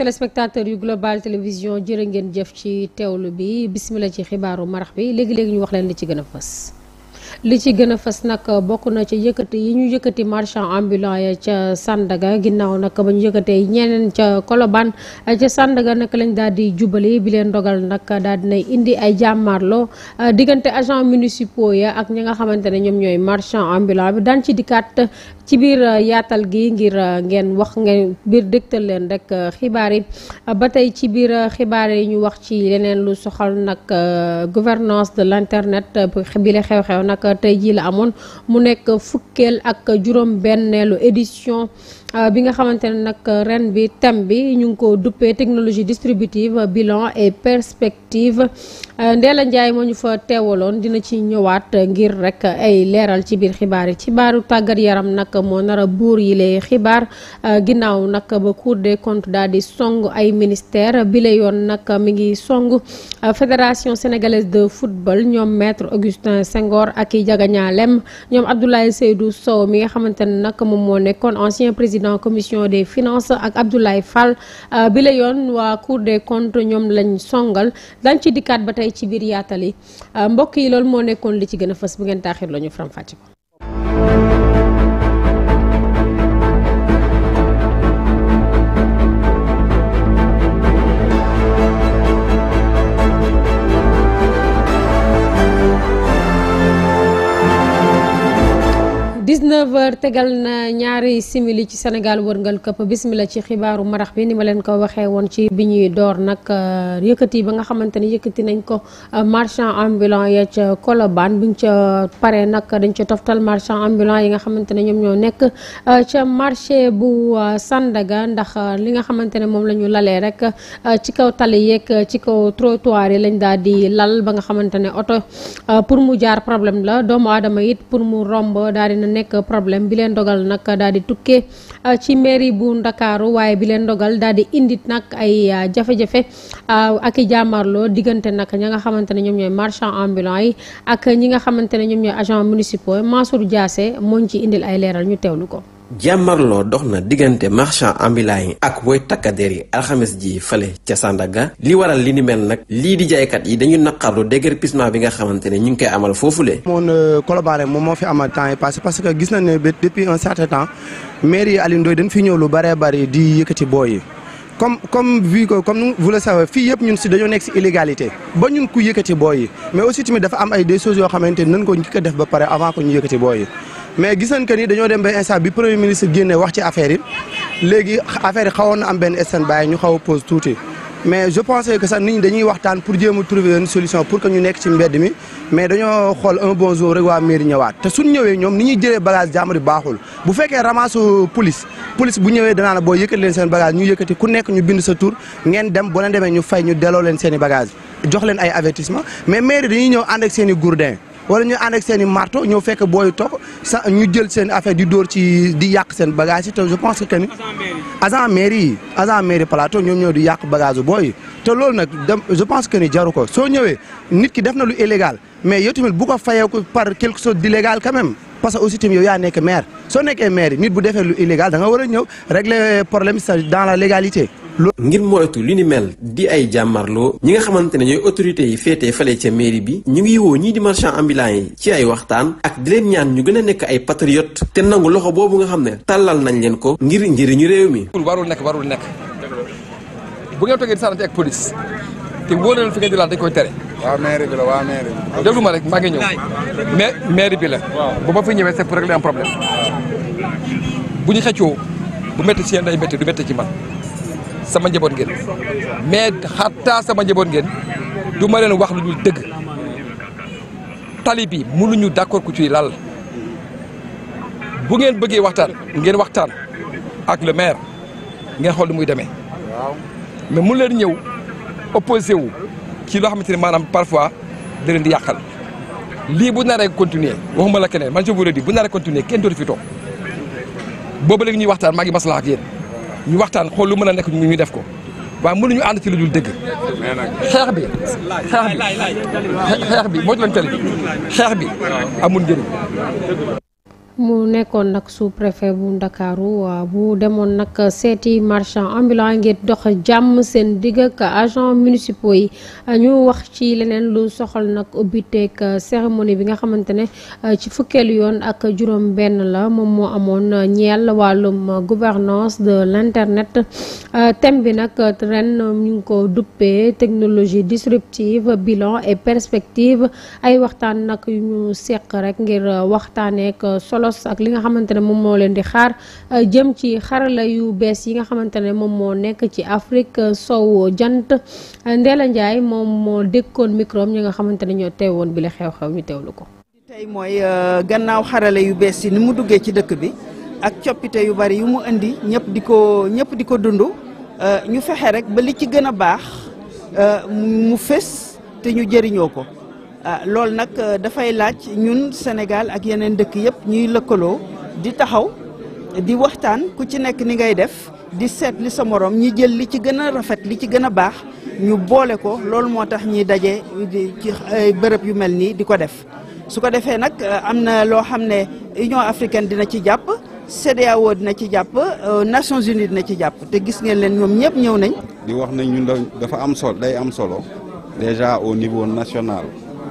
téléspectateurs yu global télévision jërë ngeen jëf ci teewlu bi bismillah ci xibaaru marax bi léegi léegi ñu wax leen li ci gën a fës. li ci gëna a nak uh, bokku na ci yëkëti yi ñu yëkëti marchand ambulant ya ci Sandaga ginnaw nak bañu yëkëte ñeneen ci koloban uh, ci Sandaga nak lañ daal di jubali bi leen dogal nak daal dina indi ay jamarlo uh, diggante agent municipaux ya ak ñi nga xamante ne ñoom marchand ambulant bi daan ci dikkaat ci bir yaatal gi ngir ngeen wax ngeen bir dektal leen rek xibaar yi ba ci bir xibaar yi ñu wax ci leneen lu soxal nak gouvernance de l'internet internet bi xew-xew nak tay ji la amone mu nek fukel ak jurom benelu édition euh, bi nga xamantene nak ren bi tem bi ñu ko technologie distributive bilan et perspective euh, ndela ndjay mo ñu fa teewaloon dina ci ñëwaat ngir rek ay léral ci biir xibaar ci baaru tàggat yaram nak mo nara a yi lay xibaar euh, nak ba Cour des comptes daal di song ay ministère bi lay yoon nak mi ngi song fédération sénégalaise de football ñom maître Augustin Sengor ak ñaa lem ñoom Abdoulaye Seydou Sow mi nga xamante ne nag moom moo nekkoon ancien président commission des finance ak Abdoulaye Fall euh, bi yoon waa cour de comptes ñoom lañu songal dañ ci dikkat ba tey ci biir yaatal yi euh, mbokk yi loolu moo nekkoon li ci gën a fës bu ngeen taaxir la ñu faram ko 19h tegal na ñaari simili ci Sénégal wërngal këpp bismillah ci xibaaru marax bi ni ma leen ko waxee woon ci bi ñuy door nag euh, yëkkati ba nga xamante ni yëkkati nañ ko euh, marchand ambulant ya ca Colobane buñ ca paree nag dañ ca toftal marchand ambulant yi nga xamante ne ñoom ñoo nekk euh, ca marché bu Sandaga ndax li nga xamante ne moom la ñu lalee rek ci kaw tali yeeg ci kaw trottoir yi lañ daal di lal ba nga xamante ne oto pour mu jaar problème la doomu aadama it pour mu romb daal dina nekk problème bi leen dogal nag daal di tukkee ah, ci mairie bu ndakaaru waaye bi leen dogal daal di indi nag ay ah, jafe-jafe ah, ak i jàmmarloo diggante nag ña nga xamante ne ñoom ñooy marchand ambulant yi ak ñi nga xamante ne ñoom ñooy agent municipaux Mansour Diassé mooñ ci indil ay leeral ñu teew teewlu ko jàmmarloo dox na diggante marchand ambulant yi ak woy takkadeer yi alxames ji fale ca Sandaga li waral li ni mel nag lii di jaaykat yi dañu naqarlu déguerpissement bi nga xamante ne ñu ngi koy amal foofule. moon Colobane moom moo fi amal temps yi passé que gis nañ ne depuis un certain temps mairie Alioune Ndoye dañ fi ñëw lu baree bari di yëkkati booy yi. comme comme vu que comme vous le savez fii yëpp ñun si dañoo nekk si illégalité ba ñun ku yëkkati booy yi mais aussi tamit dafa am ay des choses yoo xamante ni nañ ko njëkk a def ba pare avant que ñu yëkkati booy mais gis nañ ni dañoo dem ba instant bi premier ministre génnee wax ci affaire yi léegi affaire yi xawoon na am benn instant bàyyi ñu xaw a pause tuuti. mais je pensais que sax nit ñi dañuy waxtaan pour jéem a trouver une solution pour que ñu nekk ci mbedd mi mais dañoo xool un bon jour rek waa mairie ñëwaat te suñ ñëwee ñoom ni ñuy jëlee bagage jàmbur baaxul bu fekkee ramasse police police bu ñëwee danaa boo yëkkati leen seen bagage ñu yëkkati ku nekk ñu bind sa tur ngeen dem boo demee ñu fay ñu deloo leen seeni i bagage jox leen ay avertissement mais mairie dañuy ñëw ànd ak seen gourdin wala ñu ànd ak marto ñëw fekk booy to sa ñu jël seen affaire di dóor ci di yàq seen bagage yi te je pense que ni agent mairie yi agent mairie plateau ñoom ñëw di yàq bagage booy yi te loolu nag je pense que ni jaru ko soo ñëwee nit ki def na lu illégal mais yow tamit bu ko fayee ko par quelque chose d'illégal légal même parce que aussi tamit yow yaa nekk maire soo nekkee maire nit bu defee lu illégal da nga war a ñëw régler problème sa dans la légalité ngir moytu li ni mel di ay jàmmarloo ñi nga xamante ne ñooy autorités yi féetee fale ca mairie bi ñu ngi woo ñii di marchand ambulant yi ci ay waxtaan ak di leen ñaan ñu gën a nekk ay patriote te nangu loxo boobu nga xam ne tàllal nañ leen ko ngir njëriñu réew mi. warul nekk warul nekk bu ngeen toogee di saarante ak police te wóor na leen fi ngeen di laal dañ koy tere. waaw mairie ma rek maa ngi ñëw mais mairie bi la. bu ma fi ñëwee c'est pour régler un problème bu ñu xëccoo bu métti ci ci man sama njaboot ngeen mais xataa sama njaboot ngeen du ma leen wax lu dul dëgg mu bi ñu d'accord ku ci lal bu ngeen bëggee waxtaan ngeen waxtaan ak le maire ngeen xol lu muy demee mais mu leen ñëw opposé wu ci loo xamante ne maanam parfois da leen di yàqal lii bu naree continuer waxuma la keneen man je vous le bu naree continuer kenn dootu fi toog boobu léegi ñuy waxtaan maa ngi maslaa ak yéen ñu waxtaan xoolu lu mën a nekk ñu def ko waaw mënuñu ànd ci lu dul dëgg xeex bi xeex bi xeex bi moytu lañ tali bi xeex bi amul njëriñ mu nekkoon nag sous préfet bu ndakaaru euh, bu demoon nag seeti marchand ambulant ngir dox jàmm seen digg ak agent municipaux yi ñu wax ci leneen lu soxal nag ubbiteeg euh, cérémonie bi nga xamante ne euh, ci fukkeelu yoon ak juróom benn la moom moo amoon ñeel wàllum gouvernance de l'internet thème bi nag ren ñu ngi ko duppee technologie disruptive bilan et perspective ay waxtaan nag yu ñu seq rek ngir solo solos ak li nga xamante ne moom moo leen di xaar euh, jëm ci xarala yu bees yi nga xamante ne moom moo nekk ci Afrique euh, sow jant euh, Ndella Ndiaye moom moo dékkoon micro ñi nga xamante ne ñoo teewoon bi la xew-xew ñu teewlu ko. tey mooy gannaaw xarala yu bees yi ni mu duggee ci dëkk bi ak coppite yu bari yu mu indi ñëpp di ko ñëpp di ko dund ñu fexe rek ba li ci gën a baax mu fés te ñu jëriñoo ko. Ah, loolu nag euh, dafay laaj ñun Sénégal ak yeneen dëkk yëpp ñuy lëkkaloo di taxaw di waxtaan ku ci nekk ni ngay def di seet li sa morom ñi jël li ci gën a rafet li ci gën a baax ñu boole ko loolu moo tax ñuy daje ci ay bërëb yu mel nii di ko def. su ko defee nag euh, am na loo xam ne Union africaine dina ci jàpp CEDEAO dina ci jàpp euh, Nations Unies dina ci jàpp te gis ngeen leen ñoom ñëpp ñëw nañ. di wax ne ñun dafa am solo day am solo déjà au niveau national.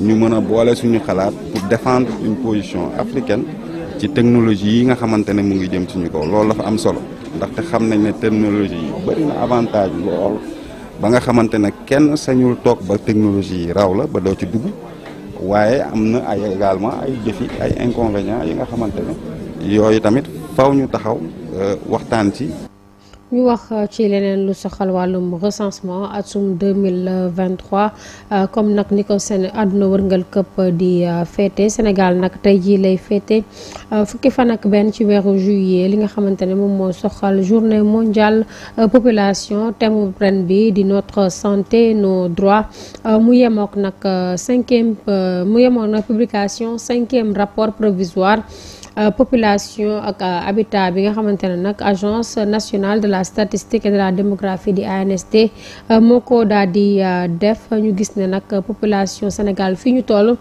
ñu mën a boole suñu xalaat pour défendre une position africaine ci technologie yi nga xamante ne mu ngi jëm suñu kaw loolu dafa am solo ndaxte xam nañ ne technologie yi bëri na avantage lool ba nga xamante ne kenn sañul toog ba technologie yi raw la ba doo ci dugg waaye am na ay également ay défi ay inconvénients yi nga xamante ne yooyu tamit faw ñu taxaw euh, waxtaan si Nous wax euh, ci leneen recensement 2023 euh, comme nous ni ko àdduna wërngal euh, Sénégal nag tey lay fukki fan ak ci juillet li nga xamante ne moom soxal journée population thème de notre santé nos droits Nous avons nag cinquième cinquième rapport provisoire Euh, population ak euh, habitat bi nga xamante ne nag agence nationale de la statistique et de la démographie di ANSD euh, moo ko daal di def ñu gis ne nag population Sénégal fii ñu toll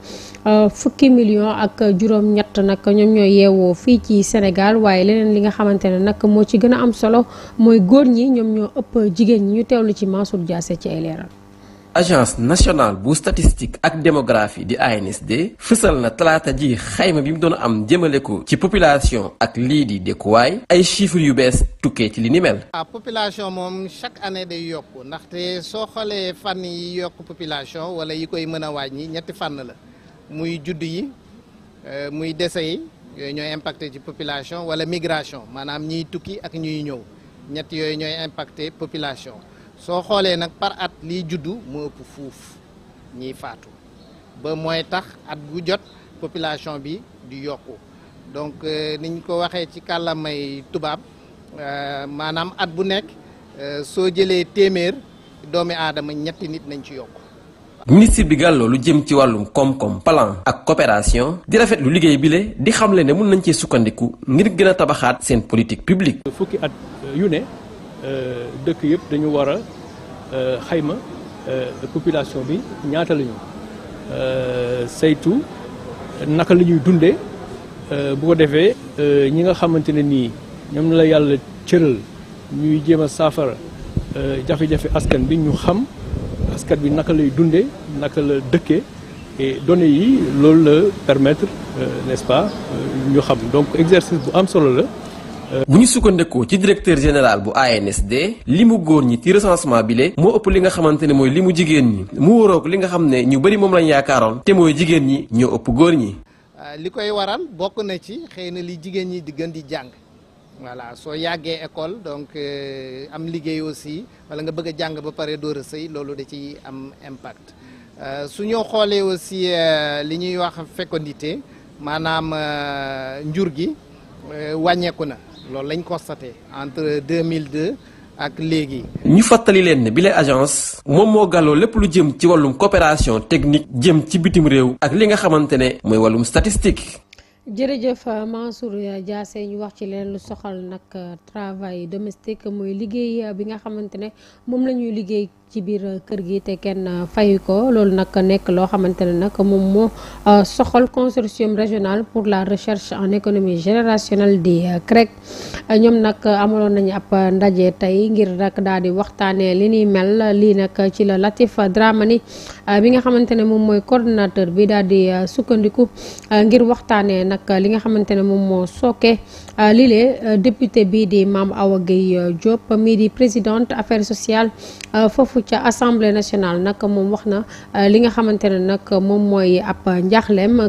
fukki million ak juróom-ñett nag ñoom ñooy yeewoo fii ci Sénégal waaye leneen li nga xamante ne nag moo ci gën a am solo mooy góor ñi ñoom ñoo ëpp jigéen ñi ñu teewlu ci Mansour Diassé ci ay leeral agence nationale bu statistique ak démographie de ANSD na ji xayma bi am population ak lii di de ay chiffres yu bees ci ah, population chaque année day yokk population wala la muy yi euh, muy impacté population wala migration maanaam population. soo xoolee nag par at liy juddu mu ëpp fuuf ñiy faatu ba mooy tax at gu jot population bi di yokku donc euh, niñ ko waxee ci kàllamay tubaab euh, maanaam at bu nekk euh, soo jëlee téeméer doomi aadama ñetti nit nañ ci yokk ministre bi gàlloo lu jëm ci wàllum koom-koom plan ak coopération di rafet lu liggéey bile di xamle ne mun nañ cee sukkandiku ngir gën a tabaxaat seen politique publique. fukki at Euh, dëkk yëpp dañu war a euh, xayma euh, population bi ñaata la ñu saytu naka la ñuy dundee bu ko defee ñi nga xamante ne nii ñoom la yàlla cëral ñuy jéem a saafara jafe-jafe askan bi ñu xam askan bi naka lay dundee naka la dëkkee et yi loolu la permettre n'est-ce pas ñu xam donc exercice bu am solo la. Euh, bu ñu sukkandekoo ci directeur général bu ANSD li mu góor ñi ci recensement bi le moo ëpp li nga xamante ne mooy li mu jigéen ñi mu wóoroog li nga xam ne ñu bëri moom lañu yaakaaroon te mooy jigéen ñi ñoo ëpp góor ñi euh, li koy waral bokk na ci xëy na li jigéen ñi diggan di jàng voilà soo yàggee école donc euh, am liggéey aussi wala nga bëgg a jàng ba pare door a loolu da ci am impact su ñoo xoolee aussi li ñuy wax fécondité maanaam njur gi wàññeeku na loolu lañ constaté entre 2002 ak léegi. ñu fàttali leen ne bile agence. moom moo gàlloo lépp lu jëm ci wàllum coopération technique jëm ci bitim réew. ak li nga xamante ne mooy wàllum statistique. jërëjëf euh, Mansour Diassé ñu wax ci leen lu soxal nag euh, travail domestique mooy liggéey euh, bi nga xamante ne moom la ñuy liggéey. ci biir kër gi te kenn euh, fayu ko loolu nag nekk loo xamante ne nag moom moo euh, soxal consortium régional pour la recherche en économie générationnelle di euh, CREC ñoom nag amaloon nañu ab ndaje tey ngir nag daal di waxtaanee li ni mel li nag ci la Latif Dramani bi nga xamante ne moom mooy bi daal di sukkandiku ngir waxtaanee nag li nga xamante ne moom moo Euh, lile euh, député bi di mam Awa Midi euh, Diop présidente affaires sociales Fofucha, assemblée nationale nak mom waxna na li nga xamantene nak mom moy ap ab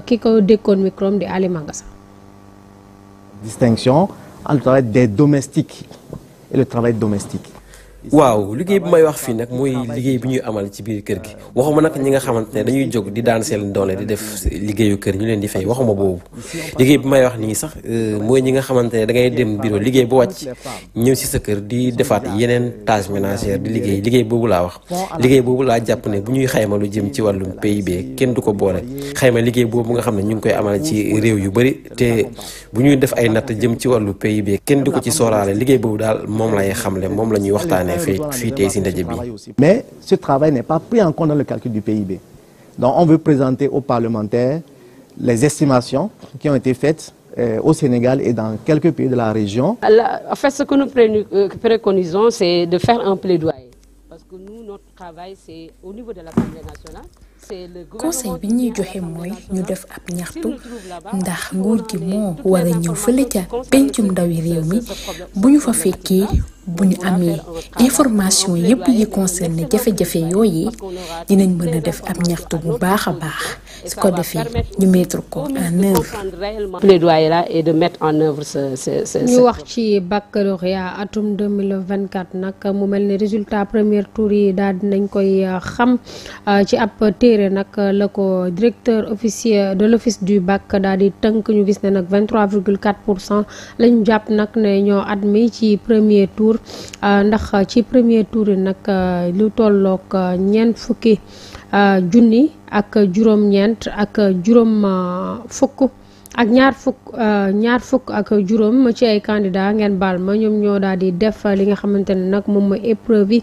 kiko distinction entre le travail des domestiques et le travail domestique. waaw liggéey bu may wax fii nag mooy liggéey bi ñuy amal ci biir kër gi waxuma nag ñi nga xamante ne dañuy jóg di daan seen doole di def liggéeyu kër ñu leen di fay waxuma boobu liggéey bu may wax nii sax euh, mooy ñi nga xamante ne da dem bureau liggéey bu wàcc ñëw si sa kër di defaat yeneen tâche ménagère di liggéey liggéey boobu laa wax liggéey boobu laa jàpp ne bu ñuy xayma lu jëm ci wàllum PIB kenn du ko boole xayma liggéey boobu nga xam ne ñu ngi koy amal ci réew yu bëri te bu ñuy def ay natt jëm ci wàllu PIB kenn du ko ci sooraale liggéey boobu daal moom lay xamle moom la ñuy waxtaanee mais ce travail n'est pas pris en compte dans le calcul du PIB donc on veut présenter aux parlementaires les estimations qui ont été faites euh, au Sénégal et dans quelques pays de la région. en fait, ce que nous euh, préconisons, c'est de faire un plaidoyer. Parce que nous, notre travail, c'est au niveau de l'Assemblée nationale. conseil bi ñuy joxe mooy ñu def ab ñaxtu ndax nguur ca fa bu ñu amee information yépp yi concerné jafe-jafe yooyu dinañ mën a def ab ñaxtu bu baax a baax su ko defee ñu mettre ko en œuvre. et de mettre en œuvre ñu wax ci baccalauréat atum 2024 nag mu mel ni résultat premier tour yi daal dinañ koy euh, xam euh, ci ab téere nag la ko directeur officier de l'office du bac daal di tënk ñu gis ne nag 23,4 pour cent lañu jàpp nag ne ñoo admis ci premier tour. Euh, ndax ci premier tour yi nag euh, lu tollook euh, ñeent fukki junni ak juróom-ñeent ak juróom fukk ak ñaar fukk ñaar fukk ak juróom ci ay candidat ngeen baal ma ñoom ñoo daal di def li nga xamante ne nag moom mooy épreuve yi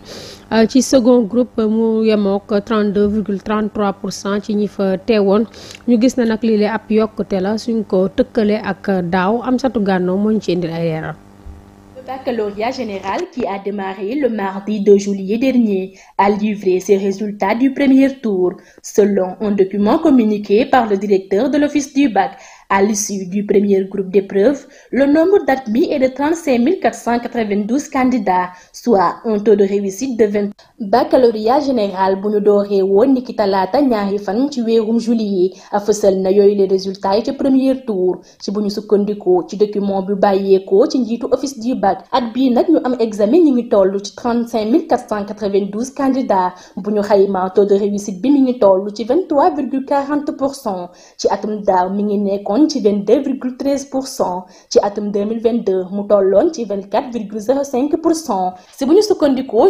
ci second groupe mu yemook 32 virgule 33 pour cent ci ñi fa teewoon ñu gis na nag lii lee ab yokkute la suñ ko tëkkale ak daaw am satu gànnoo moo ci indi ay leeral baccalauréat général qui a démarré le mardi 2 juillet dernier a livré ses résultats du premier tour, selon un document communiqué par le directeur de l'Office du bac À l'issue du premier groupe d'épreuves, le nombre d'admis est de candidats, soit un taux de réussite de 20. baccalauréat général bu ñu dooree woon niki talaata ñaari fan ci weerum juillet fësal na yooyu les résultats yi ca premier tour ci bu ñu sukkandikoo ci document bu bàyyeekoo ci njiitu office di bac at bii nag ñu am examen ñu ngi toll ci 35 492 candidats bu ñu xaymaa taux de réussite bi mi ngi toll ci 23 virgule 40 pour cent ci atum daaw mi ngi nekkoon. nekkoon ci 22 13 ci atum 2022 mu tolloon ci 24 virgule 05 pour si bu ñu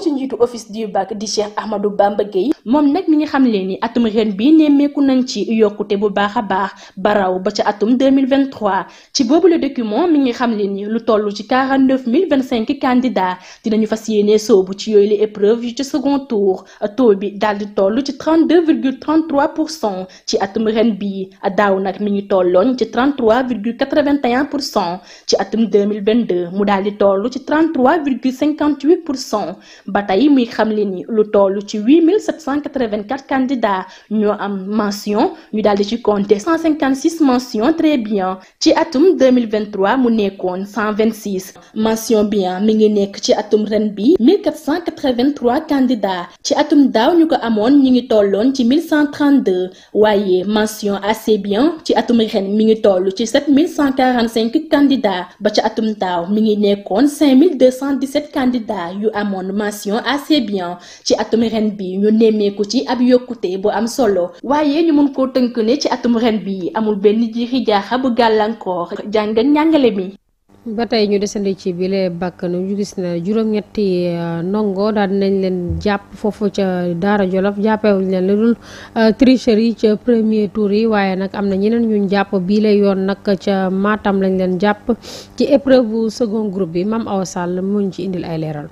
ci njiitu office du bac di Cheikh Ahmadou Bamba Gueye moom nag mi ngi xam ni atum ren bi nemmeeku nañ ci yokkute bu baax a baax baraw ba ci atum 2023 ci bobu le document mi ngi xam ni lu tollu ci 49 candidats dinañu fas yéenee soobu ci yooyu la épreuve ci second tour taux bi daal di toll ci 32,33% ci atum ren bi daaw nak mi ngi tolloon 33,81%. ci 33,81% ci atum 2022 mu daldi tollu toll ci 33,58% lu ci 8784 candidats ñu am mention ñu daldi ci compter 156 mentions très bien ci atum 2023 mu 126 mention bien mi ngi nekk ci atum ren bi 1483 candidats ci atum daw ñu ko amone ñi ngi ci 1132 wayé mention assez bien ci atum ren mu ngi toll ci 7145 candidats ba ca atum daaw mi ngi nekkoon 5217 candidats yu amoon mention assez bien ci atum ren bi ñu nemmeeku ci ab yokkute bu am solo waaye ñu mun koo tënk ne ci atum ren bi amul benn jiixi jaaxa bu gàllankoor jàng njàngale mi ba tey ñu desandi ci bile bàkkanu ñu gis na juróom-ñetti euh, ndongo daal dinañ leen jàpp foofu ca Daara Jolof jàppewuñ leen lu dul euh, tricherie ca premier tour yi waaye nag am na ñeneen ñuñ jàpp bile yoon nag ca maatam lañ leen jàpp ci épreuve bu second groupe bi mam Awa Sall muñ ci indil ay leeral.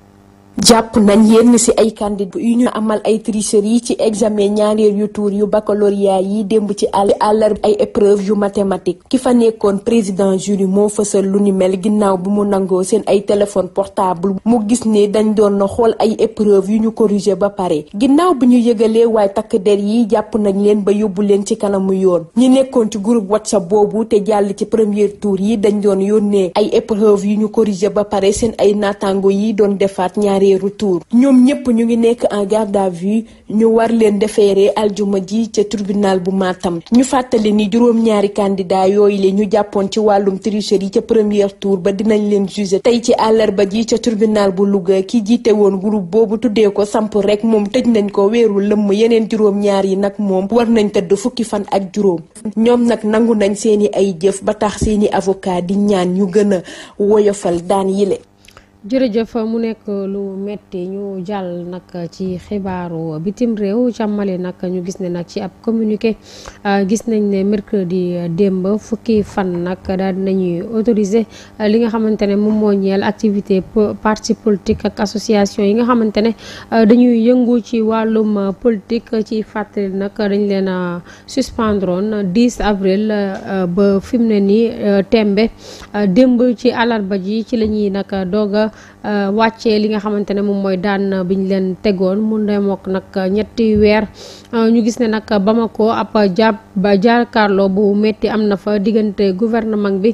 jàpp nañ yenn ci ay candidat yu ñu amal ay yi ci examen ñaareel yu tuur yu baccalauréat yi démb ci àll àllarba ay épreuve yu mathématique ki fa nekkoon président jury moo fësal lu ni mel ginnaaw bu mu nangoo seen ay téléphone portable mu gis ni dañ doon na xool ay épreuve yu ñu corrigé ba pare ginnaaw bi ñu yëgalee waaye takk der yi jàpp nañ leen ba yóbbu leen ci kanamu yoon ñi nekkoon ci groupe whatsapp boobu te jàll ci premier tour yi dañ doon yónnee ay épreuve yu ñu corrigé ba pare seen ay naataango yi doon defaat ñaari arrière tour ñoom ñëpp ñu ngi nekk en garde à vue ñu war leen defeere aljuma ji ca tribunal bu maatam ñu fàttali ni juróom-ñaari candidat yooyu la ñu jàppoon ci wàllum yi ca premier tour ba dinañ leen jugé tey ci àllarba ji ca tribunal bu Louga ki jiite woon groupe boobu tuddee ko samp rek moom tëj nañ ko weeru lëmm yeneen juróom-ñaar yi nag moom war nañ tëdd fukki fan ak juróom ñoom nag nangu nañ seeni ay jëf ba tax seeni avocat di ñaan ñu gën a woyofal daan jërëjëf mu nekk lu metti ñu jàll nag ci xibaaru bitim réew ca Mali nag ñu gis ne nag ci ab communiqué euh, gis nañ ne mercredi démb fukki fan nag daal dinañuy autorisé euh, li nga xamante ne moom moo activité parti politique ak association yi nga xamante ne euh, dañuy yëngu ci wàllum politique ci fàttali nag dañ leen a suspendron 10 avril ba fi mu ne nii tembe démb ci àllarba ji ci lañuy ñuy nag dooga Euh, wàccee li nga xamante ne moom mooy daan ñu leen tegoon mu demook nag ñetti weer euh, ñu gis ne nag ko ab jàpp ba jàkkaarloo bu metti am na fa diggante gouvernement bi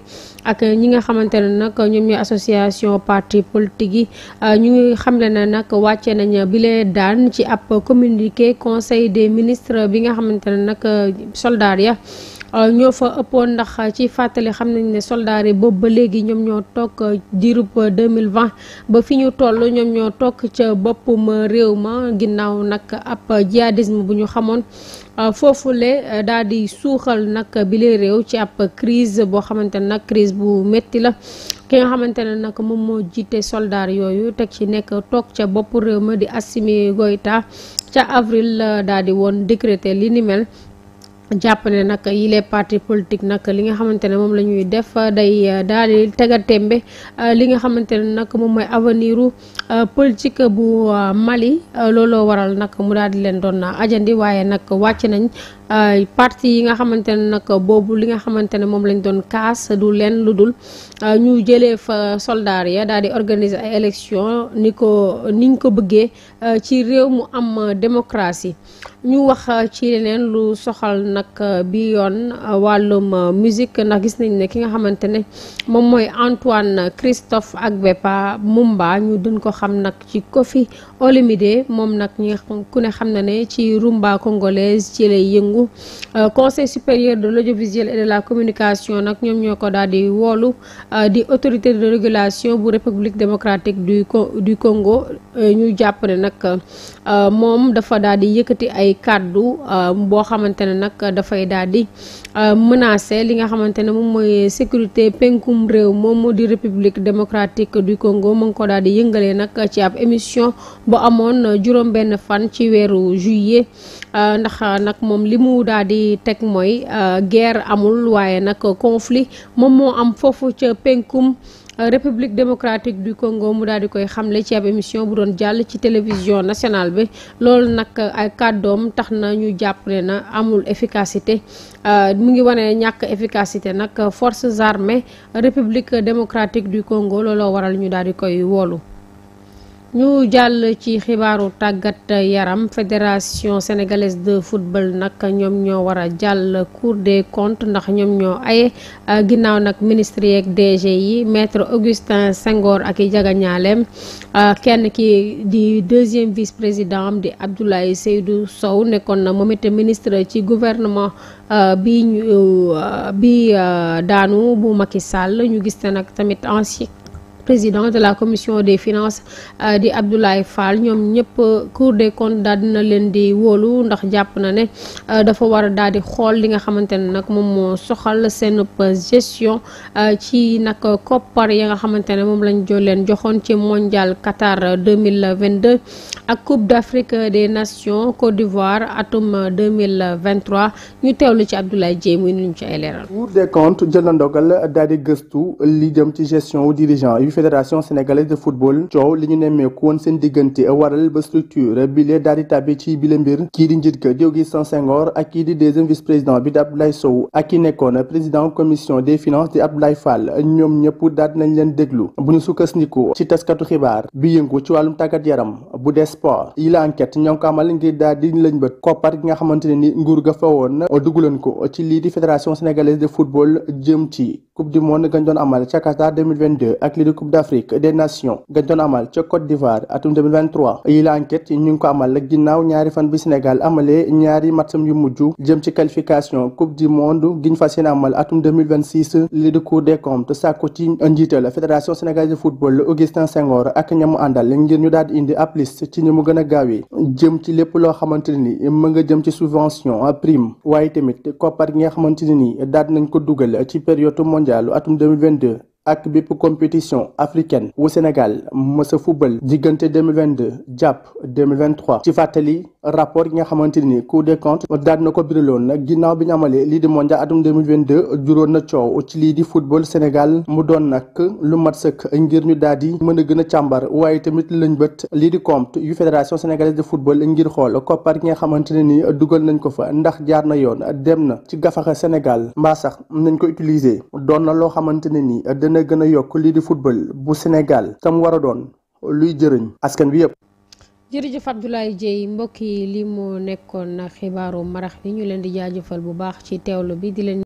ak ñi nga xamante ne nag ñoom ñooy association parti politique yi euh, ñu ngi xamle ne nag wàccee nañ bile daan ci ab communiqué conseil des ministre bi nga xamante ne nag soldat ya Euh, ñoo fa ëppoon ndax ci fàttali xam nañ ne soldats yi boobu ba léegi ñoom ñoo toog euh, diirub 2020 euh, ba fi ñu toll ñoom ñoo toog ca boppum réew ma ginnaaw nag ab jihadisme bu ñu xamoon foofule daal di suuxal nag bile réew ci ab crise boo xamante ne nag crise bu métti la ki nga xamante ne nag moom moo jiite soldaar yooyu teg ci nekk toog ca bopp réew ma di Assimi Goïta ca avril daal di woon décréter li ni jàpp ne nag yile parti politique nag li nga xamante ne moom la ñuy def euh, day euh, daal di tegatembe euh, li nga xamante ne nag moom mooy avenir politique bu Mali looloo waral nag mu daal di leen doon ajandi waaye nag wàcc nañ parti yi nga xamante ne nag boobu li nga xamante ne moom lañ doon kaas du leen lu dul euh, ñu jëlee fa soldaar ya daal di organiser ay élection ni ko niñ ko bëggee euh, ci réew mu am démocratie ñu wax euh, ci yeneen lu soxal nag bi yoon wàllum musique ndax gis nañ ne ki nga xamante ne moom mooy Antoine Christophe Agbépa Mumba ñu dën ko xam nag ci kofi Olomidé moom nag ñi ku ne xam na ne ci rumba congolaise ci lay yëngu Euh, conseil supérieur de l'audiovisuel et de la communication nag ñoom ñoo ko daal di woolu euh, di autorité de régulation bu république démocratique du du Congo euh, ñu jàpp ne nag moom dafa daal di yëkkati ay kàddu boo xamante ne nag dafay daal di menacer li nga xamante ne moom mooy sécurité penkum réew moom di république démocratique du Congo mu ngi ko daal di yëngalee nag ci ab émission bu amoon juróom benn fan ci weeru juillet Euh, ndax euh, nag moom li mu daal di teg mooy euh, guerre amul waaye nag conflit moom moo am foofu ca penkum République democratique du Congo mu daal di koy xamle ci ab émission bu doon jàll ci télévision nationale bi loolu nag ay kàddoom tax na ñu jàpp ne na amul efficacité mu ngi wane ñàkk efficacité nag forces armées République démocratique du Congo looloo waral ñu daal di koy woolu ñu jàll ci xibaaru tàggat yaram fédération sénégalaise de football nag ñoom ñoo war a jàll cour de comptes ndax ñoom ñoo ay euh, ginnaaw nag ministre yeeg DG yi maître Augustin Senghor ak i jagañaaleem euh, kenn ki di deuxième vice président di Abdoulaye Seydou Sow nekkoon na moom it ministre ci gouvernement euh, bi ñu bi daanu bu Macky Sall ñu gis te nag tamit ancien de la commission des finances euh, di Abdoulaye Fall ñom ñep cour des comptes dal dina len di ndax na euh, dafa di de li nga gestion euh, ci Nak copar nga xamantene mom lañ mondial Qatar 2022 ak Coupe d'Afrique des Nations Côte d'Ivoire atom 2023 ñu ci Abdoulaye ci des comptes jël ndogal di li ci gestion dirigeant fédération sénégalaise de football coow li ñu nemmeeku woon seen diggante waral ba structure bile daal tàbbi ci bile mbir kii di njiit ka Diogui Sène ak kii di deuxième vice président bi di Abdoulaye Sow ak ki nekkoon président commission des finances di Abdoulaye Fall ñoom ñëpp daal nañ leen déglu bu ñu sukkandiku ci taskatu xibaar bi yëngu ci wàllum tàggat yaram bu des sport yi la enquête ñoo ko amal ngir daal di lañ gi nga xamante Coupe d'Afrique des Nations gañ doon amal ca Côte d'Ivoire atum yi la enquête ñu ngi ko amal ginnaaw ñaari fan bi Sénégal amalee ñaari matsam yu mujj jëm ci qualification Coupe du Monde giñ fas yéene amal atum 2026 li di Cour des comptes sàkku ci njiital Fédération sénégalaise de football Augustin Senghor ak ñamu àndal ngir ñu daal indi ab liste ci ñi mu gën gaawee jëm ci lépp loo xamante ne ni mën nga jëm ci subvention prime waaye tamit koppar gi nga xamante ne ni daal nañ ko dugal ci période mondialu atum 2022 ak pour compétition africaine au Sénégal mësa football gigante 2022 jàpp 2023 ci rapport yi nga xamante ni compte des comptes daal na ko biraloon ginnaaw 2022 juróon na coow ci di football Sénégal mu doon nag lu mat sëkk ngir ñu daal di mën a gën compte yu fédération sénégalaise de football ngir xool koppar yi nga xamante ne ni dugal nañ ko fa ndax jaar na yoon Sénégal mbaa sax nañ ko utiliser dana gën a yokk lii di football bu Sénégal tam war a doon luy jëriñ askan bi yëpp. jërëjëf Abdoulaye Dieye mbokk yi lii moo nekkoon xibaaru marax bi ñu leen di jaajëfal bu baax ci teewlu bi di leen.